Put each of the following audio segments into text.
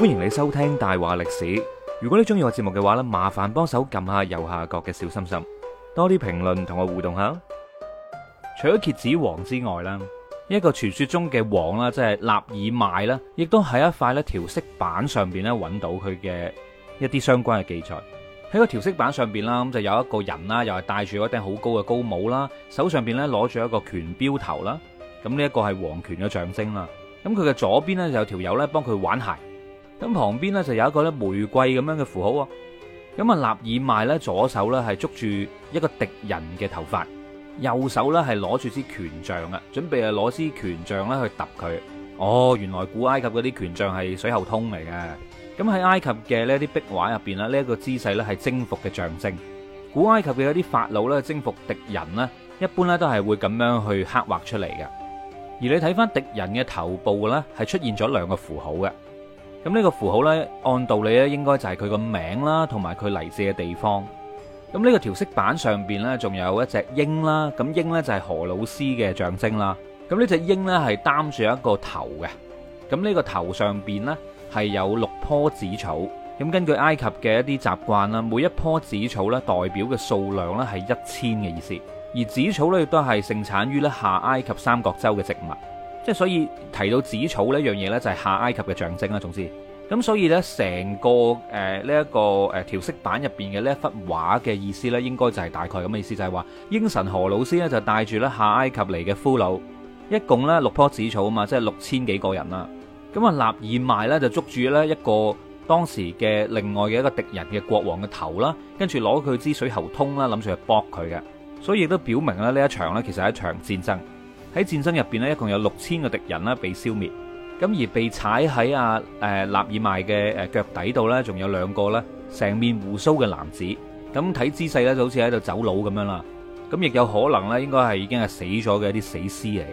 歡迎你收聽大話歷史。如果你中意我節目嘅話呢，麻煩幫手撳下右下角嘅小心心，多啲評論同我互動下。除咗蠍子王之外啦，一個傳說中嘅王啦，即係納爾邁啦，亦都喺一塊咧調色板上邊揾到佢嘅一啲相關嘅記載。喺個調色板上邊啦，咁就有一個人啦，又係戴住一頂好高嘅高帽啦，手上邊咧攞住一個權標頭啦，咁、這、呢、個、一個係王權嘅象徵啦。咁佢嘅左邊呢，就有條友咧幫佢玩鞋。咁旁邊咧就有一個咧玫瑰咁樣嘅符號喎。咁啊，納爾邁咧左手咧係捉住一個敵人嘅頭髮，右手咧係攞住支權杖啊，準備係攞支權杖咧去揼佢。哦，原來古埃及嗰啲權杖係水喉通嚟嘅。咁喺埃及嘅呢啲壁畫入邊啦，呢一個姿勢咧係征服嘅象徵。古埃及嘅一啲法老咧征服敵人呢，一般咧都係會咁樣去刻畫出嚟嘅。而你睇翻敵人嘅頭部咧，係出現咗兩個符號嘅。咁呢個符號呢，按道理應該就係佢個名啦，同埋佢嚟自嘅地方。咁呢個調色板上面呢，仲有一隻鷹啦。咁鷹呢，就係荷魯斯嘅象徵啦。咁呢隻鷹呢，係擔住一個頭嘅。咁呢個頭上面呢，係有六棵紫草。咁根據埃及嘅一啲習慣啦，每一棵紫草呢，代表嘅數量呢係一千嘅意思。而紫草呢，亦都係盛產於下埃及三角洲嘅植物。即係所以提到紫草呢樣嘢呢，就係下埃及嘅象徵啦。總之，咁所以呢，成個誒呢一個誒調色板入邊嘅呢一幅畫嘅意思呢，應該就係大概咁嘅意思，就係話鷹神荷魯斯呢，就帶住呢下埃及嚟嘅俘虜，一共呢六樖紫草啊嘛，即係六千幾個人啦。咁啊納爾邁呢，就捉住呢一個當時嘅另外嘅一個敵人嘅國王嘅頭啦，跟住攞佢支水喉通啦，諗住去搏佢嘅。所以亦都表明咧呢一場呢，其實係一場戰爭。喺戰爭入邊咧，一共有六千個敵人啦被消滅，咁而被踩喺阿誒納爾邁嘅誒腳底度咧，仲有兩個咧，成面鬍鬚嘅男子，咁睇姿勢咧就好似喺度走佬咁樣啦，咁亦有可能咧，應該係已經係死咗嘅一啲死屍嚟嘅。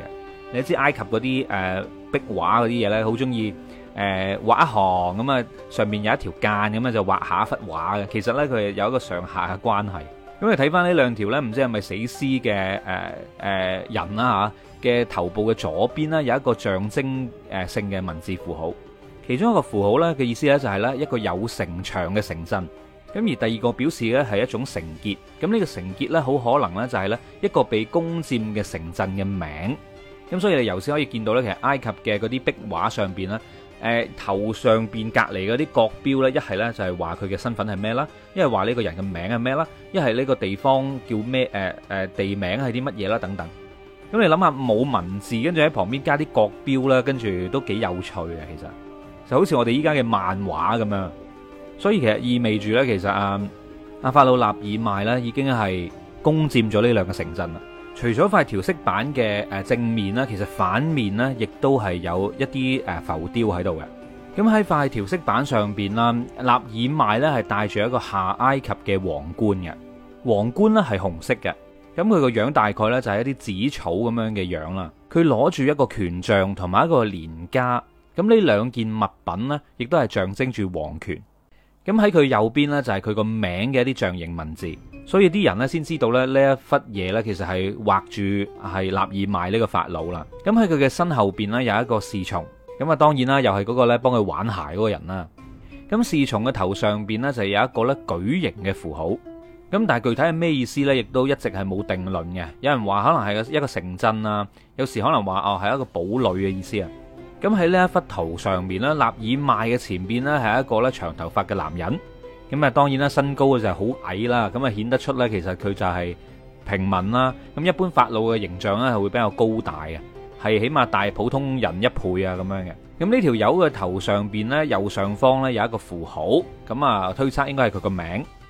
你知埃及嗰啲誒壁畫嗰啲嘢咧，好中意誒畫一行咁啊，上面有一條間咁啊，就畫下一幅畫嘅。其實咧，佢係有一個上下嘅關係。咁你睇翻呢兩條咧，唔知係咪死屍嘅誒誒人啦嚇嘅頭部嘅左邊呢，有一個象徵誒性嘅文字符號，其中一個符號呢，嘅意思呢，就係呢一個有城牆嘅城鎮。咁而第二個表示呢，係一種繩結。咁呢個繩結呢，好可能呢，就係呢一個被攻佔嘅城鎮嘅名。咁所以你由先可以見到呢，其實埃及嘅嗰啲壁畫上邊咧。誒頭上邊隔離嗰啲國標咧，一係咧就係話佢嘅身份係咩啦，一係話呢個人嘅名係咩啦，一係呢個地方叫咩誒地名係啲乜嘢啦等等。咁你諗下冇文字，跟住喺旁邊加啲國標啦，跟住都幾有趣嘅其實，就好似我哋依家嘅漫畫咁樣。所以其實意味住咧，其實阿阿法魯納爾邁咧已經係攻佔咗呢兩個城鎮啦。除咗塊調色板嘅誒正面啦，其實反面呢亦都係有一啲誒浮雕喺度嘅。咁喺塊調色板上面啦，納爾邁呢係戴住一個下埃及嘅皇冠嘅，皇冠呢係紅色嘅。咁佢個樣大概呢就係一啲紫草咁樣嘅樣啦。佢攞住一個權杖同埋一個連枷，咁呢兩件物品呢亦都係象徵住皇權。咁喺佢右邊呢，就係佢個名嘅一啲象形文字，所以啲人呢，先知道咧呢一忽嘢呢，其實係畫住係納爾邁呢個法老啦。咁喺佢嘅身後面呢，有一個侍從，咁啊，當然啦，又係嗰個呢幫佢玩鞋嗰個人啦。咁侍從嘅頭上面呢，就有一個呢矩形嘅符號，咁但係具體係咩意思呢？亦都一直係冇定論嘅。有人話可能係一個城鎮啊，有時可能話哦係一個堡壘嘅意思啊。咁喺呢一幅圖上面呢，納爾邁嘅前面呢係一個咧長頭髮嘅男人。咁啊，當然啦，身高嘅就係好矮啦。咁啊，顯得出呢其實佢就係平民啦。咁一般法老嘅形象呢係會比較高大，係起碼大普通人一倍啊咁樣嘅。咁呢條友嘅頭上面呢，右上方呢有一個符號，咁啊推測應該係佢個名。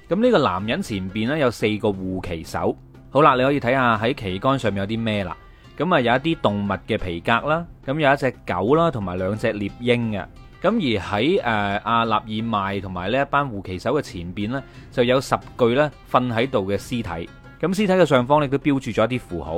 咁呢個男人前面呢有四個護旗手。好啦，你可以睇下喺旗杆上面有啲咩啦。咁啊，有一啲動物嘅皮革啦，咁有一隻狗啦，同埋兩隻獵鷹嘅。咁而喺誒阿納爾邁同埋呢一班護旗手嘅前邊咧，就有十具咧瞓喺度嘅屍體。咁屍體嘅上方咧都標註咗一啲符號。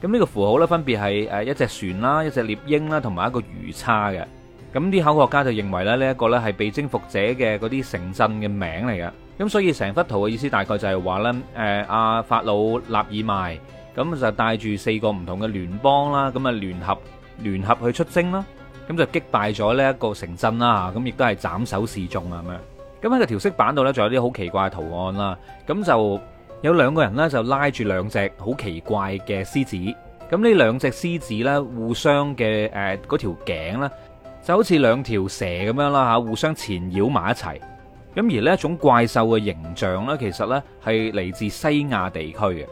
咁呢個符號咧分別係誒一隻船啦、一隻獵鷹啦同埋一個魚叉嘅。咁啲考古學家就認為咧呢一個咧係被征服者嘅嗰啲城鎮嘅名嚟嘅。咁所以成幅圖嘅意思大概就係話咧，誒阿法魯納爾邁。咁就帶住四個唔同嘅聯邦啦，咁啊聯合聯合去出征啦，咁就擊敗咗呢一個城鎮啦，咁亦都係斬首示眾啊咁樣。咁喺個調色板度咧，仲有啲好奇怪嘅圖案啦，咁就有兩個人咧就拉住兩隻好奇怪嘅獅子，咁呢兩隻獅子咧互相嘅誒嗰條頸咧就好似兩條蛇咁樣啦嚇，互相纏繞埋一齊。咁而呢一種怪獸嘅形象咧，其實咧係嚟自西亞地區嘅。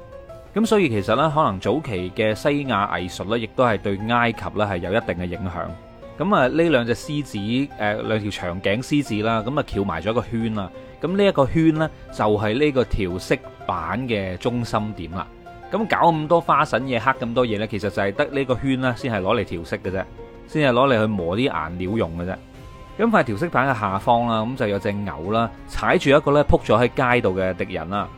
咁所以其實呢，可能早期嘅西亞藝術呢，亦都係對埃及呢係有一定嘅影響。咁啊，呢兩隻獅子，誒兩條長頸獅子啦，咁啊翹埋咗一個圈啦。咁呢一個圈呢，就係呢個調色板嘅中心點啦。咁搞咁多花臣、嘢，刻咁多嘢呢，其實就係得呢個圈啦，先係攞嚟調色嘅啫，先係攞嚟去磨啲顏料用嘅啫。咁塊調色板嘅下方啦，咁就有一隻牛啦，踩住一個呢，撲咗喺街度嘅敵人啦。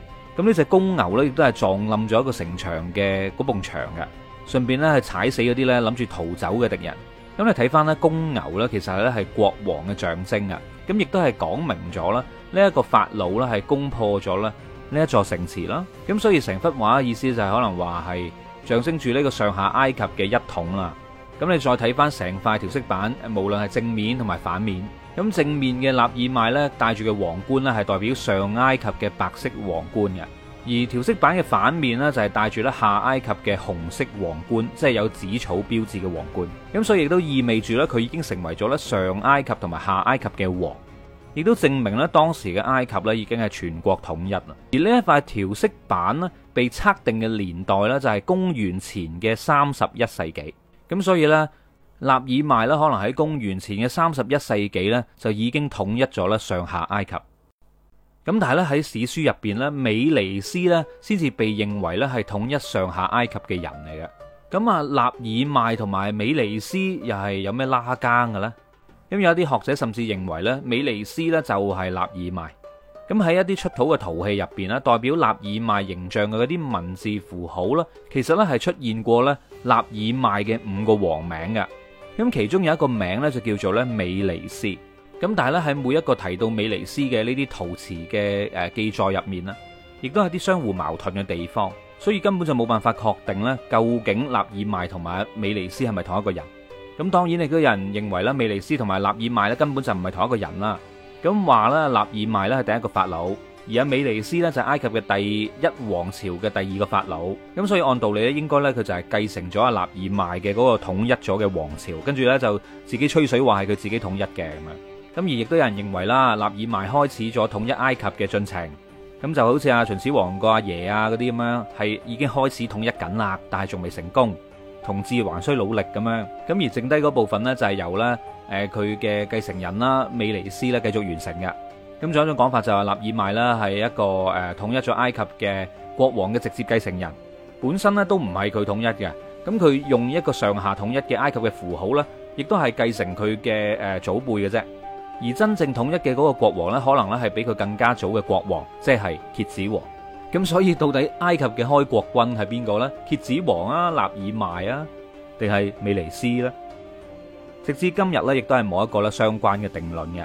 咁呢隻公牛呢，亦都係撞冧咗一個城牆嘅嗰埲牆嘅，順便呢，係踩死嗰啲呢，諗住逃走嘅敵人。咁你睇翻呢公牛呢，其實呢係國王嘅象徵啊，咁亦都係講明咗啦，呢一個法老呢，係攻破咗啦呢一座城池啦。咁所以成幅畫意思就係可能話係象徵住呢個上下埃及嘅一統啦。咁你再睇翻成塊調色板，無論係正面同埋反面。咁正面嘅納爾邁呢戴住嘅皇冠呢係代表上埃及嘅白色皇冠嘅；而調色板嘅反面呢就係戴住咧下埃及嘅紅色皇冠，即係有紫草標誌嘅皇冠。咁所以亦都意味住呢佢已經成為咗咧上埃及同埋下埃及嘅王，亦都證明呢當時嘅埃及呢已經係全國統一啦。而呢一塊調色板呢被測定嘅年代呢就係公元前嘅三十一世紀。咁所以呢，納爾邁咧可能喺公元前嘅三十一世紀呢，就已經統一咗咧上下埃及。咁但係咧喺史書入面呢，美尼斯呢先至被認為呢係統一上下埃及嘅人嚟嘅。咁啊，納爾邁同埋美尼斯又係有咩拉更嘅咧？咁有啲學者甚至認為呢，美尼斯呢就係納爾邁。咁喺一啲出土嘅陶器入面呢，代表納爾邁形象嘅嗰啲文字符號啦，其實呢係出現過呢。納爾邁嘅五個王名嘅，咁其中有一個名呢就叫做咧美尼斯，咁但係咧喺每一個提到美尼斯嘅呢啲陶瓷嘅誒記載入面呢，亦都係啲相互矛盾嘅地方，所以根本就冇辦法確定咧究竟納爾邁同埋美尼斯係咪同一個人，咁當然有啲人認為咧美尼斯同埋納爾邁咧根本就唔係同一個人啦，咁話咧納爾邁咧係第一個法老。而阿美尼斯咧就係埃及嘅第一王朝嘅第二個法老，咁所以按道理咧，應該咧佢就係繼承咗阿納爾邁嘅嗰個統一咗嘅王朝，跟住咧就自己吹水話係佢自己統一嘅咁樣。咁而亦都有人認為啦，納爾邁開始咗統一埃及嘅進程，咁就好似阿秦始皇個阿爺啊嗰啲咁樣，係已經開始統一緊啦，但係仲未成功，同志還需努力咁樣。咁而剩低嗰部分呢，就係由咧誒佢嘅繼承人啦，美尼斯咧繼續完成嘅。咁仲有一種講法就係納爾邁啦，係一個誒統一咗埃及嘅國王嘅直接繼承人，本身咧都唔係佢統一嘅，咁佢用一個上下統一嘅埃及嘅符號咧，亦都係繼承佢嘅誒祖輩嘅啫。而真正統一嘅嗰個國王咧，可能咧係比佢更加早嘅國王，即係蠍子王。咁所以到底埃及嘅開國君係邊個咧？蠍子王啊，納爾邁啊，定係美尼斯咧？直至今日咧，亦都係冇一個咧相關嘅定論嘅。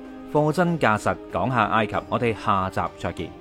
貨真價實，講下埃及，我哋下集再見。